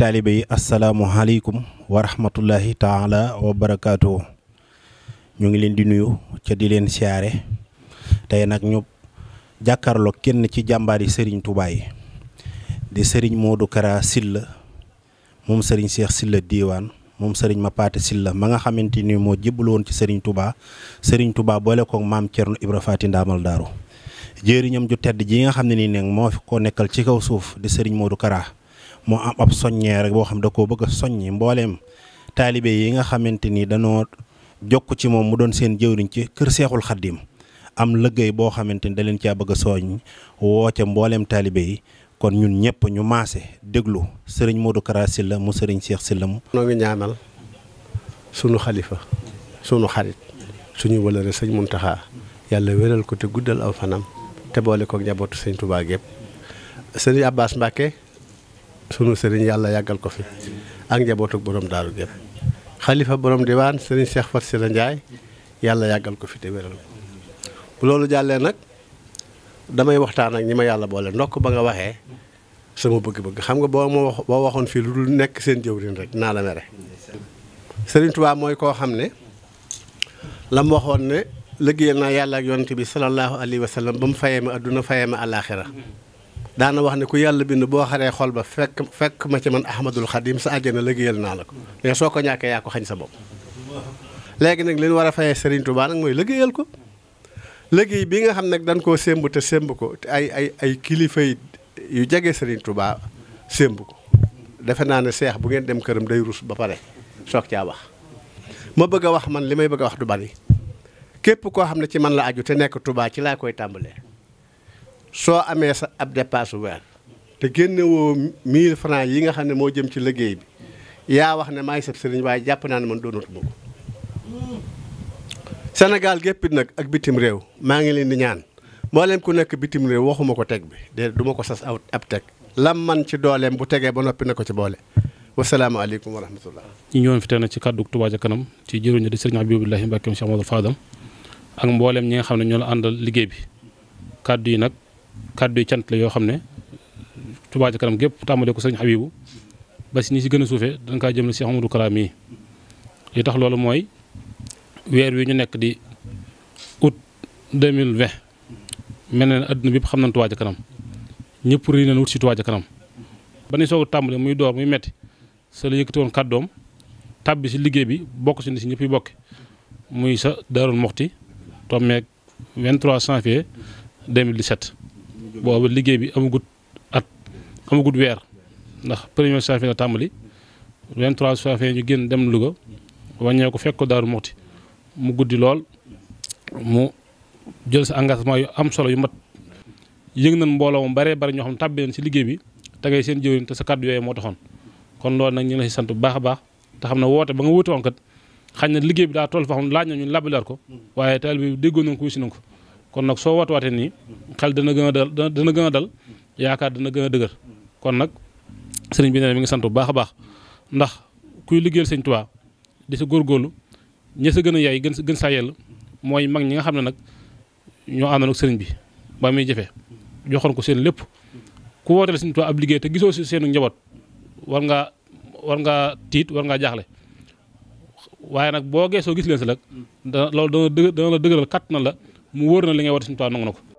taalibe yi asalaamualeykum wa rahmatullahi taala wa barakaatu ñu ngi leen di nuyu ca di leen siyaare tey nag ñu jàkkaarloo kenn ci jàmbaari sëriñ Tuubaa yi di sëriñ Modou Kara silla moom sëriñ Cheikh silla Diwane moom sëriñ ma Mapaté silla ma nga xamante ni moo jébbalu woon ci sëriñ Touba sëriñ Touba boole koog maam Thierno Ibra Faty Ndaamal Daaru jëriñam ju tedd ji nga xam ne nii nag moo fi ko nekkal ci kaw suuf di sëriñ Modou Kara moo am ab soññee rek boo xam da koo bëgg a soññi mbooleem taalibe yi nga xamante ni danoo jokk ci moom mu doon seen jëwriñ ci kër seexul xaddim am lëggéey boo xamante ni da leen caa bëgg a soññ woo ca mbooleem taalibe yi kon ñun ñëpp ñu maase déglu sëriñ Modou Kara Sylla mu sëriñ Cheikh Sylla mu noo ngi sunu xalifa sunu xarit suñu wëlëre sëñ Muntaxa yàlla wéral ko te guddal aw fanam te boole ko njabootu sëñ Touba gépp sëriñ Abbas Mbacke sunu sëriñ yàlla yàggal ko fi ak njabootug borom daaru gépp xalifa borom diwaan sëriñ Cheikh Fatou Seye Ndiaye yàlla yàggal ko fi te wéral bu loolu jàllee nag damay waxtaan ak ñi ma yàlla boole ndokk ba nga waxee sama bëgg-bëgg xam nga boo ma wax boo waxoon fii lu dul nekk seen jëwriñ rek naa la mere sëriñ Tuubaa mooy koo xam ne la mu waxoon ne liggéeyal naa yàlla ak yonent bi sallallahu alayhi ba mu fayee ma adduna fayee ma àllaaxira daana wax ne ku yàlla bind boo xaree xol ba fekk fekk ma ci man ahmadul xadim sa àjjana liggéeyal naa la ko mais soo ko ñàkkee yaa ko xañ sa bopp léegi nag li ñu war a fayee Serigne tubaa nag mooy liggéeyal ko liggéey bii nga xam nag dañ koo sémb te sémb ko te ay ay ay kilifa yu jege sëriñ tubaa sémb ko defe naa ne seex bu ngeen dem këram day rus ba pare soog caa wax ma bëgg a wax man li may bëgg a wax du bari képp koo xam ne ci man la aju te nekk tubaa ci laa koy tàmbalee. soo amee sa ab dépasse weer te génne woo 1000 yi nga xam ne moo jëm ci liggéey bi yaa wax ne maay sab sëriñ waaye jàpp naa ne man doonatuma ko Sénégal géppit nag ak bitim réew maa ngi leen di ñaan mbooleem ku nekk bitim réew waxuma ko teg bi de duma ko sas aw ab teg lam man ci dooleem bu tegee ba noppi na ko ci boole wasalaamaaleykum wa rahmatullah ñu ñëwoon fi tey na ci kàddu Touba ca kanam ci jëruñu di sëriñ Abibulahi Mbàkke Cheikh Amadou Fadam ak mboolem ñi nga xam ne ñoo àndal liggéey kàddu yi nag kàddu yi cant la yoo xam ne Touba ca kanam gépp tàmbale ko sëñ Habibou ba si ñi si gën a suufee dañ kaa jëm ne si Amadou Karaam yi li tax loolu mooy weer wi ñu nekk di août 2020 mel na ne adduna bépp xam nañ Touba ca kanam ñëpp rii nañ wut si Touba ca kanam ba ni soog a tàmbale muy door muy metti sa la yëkkati woon kàddoom tàbbi si liggéey bi bokk si ni si ñëpp yi bokk muy sa Daarul Moxti tombeeg 23 janvier 2017 boobu liggéey bi amagut at amagut weer ndax premier saafé la tàmbali 23 saafé ñu génn dem Louga wàññee ko fekk ko Daaru Muxti mu guddi lool mu jël sa engagement yu am solo yu mat yëg nañ mbooloo mu baree bari ñoo xam tàbbi leen si liggéey bi tegay seen jëwriñ te sa kàddu yooyu moo taxoon kon lool nag ñu ngi la si sant bu baax a baax te xam ne woote ba nga woote woon kat xañ na liggéey bi daa tool fa xam laaj na ñun labalaat ko waaye ko kon nag soo watwaatee nii xel dana gën a dal dana gën a dal yaakaar dana gën a dëgër kon nag sëriñ bi nee mi ngi sant bu baax a baax ndax kuy liggéeyal sëñ Tuubaa di si góorgóorlu ña sa gën a yaay gën gën saa yell mooy mag ñi nga xam ne nag ñoo àndoon ak sëriñ bi ba muy jafe joxoon ko seen lépp ku wooteel sëñ Tuubaa ab liggéey te gisoo si seenu njaboot war ngaa war ngaa tiit war ngaa jaaxle waaye nag boo geesoo gis leen si nag dana loolu dana dëgëral kàtt na la mu wóor na li ngay woote suñu Tuubaa na ko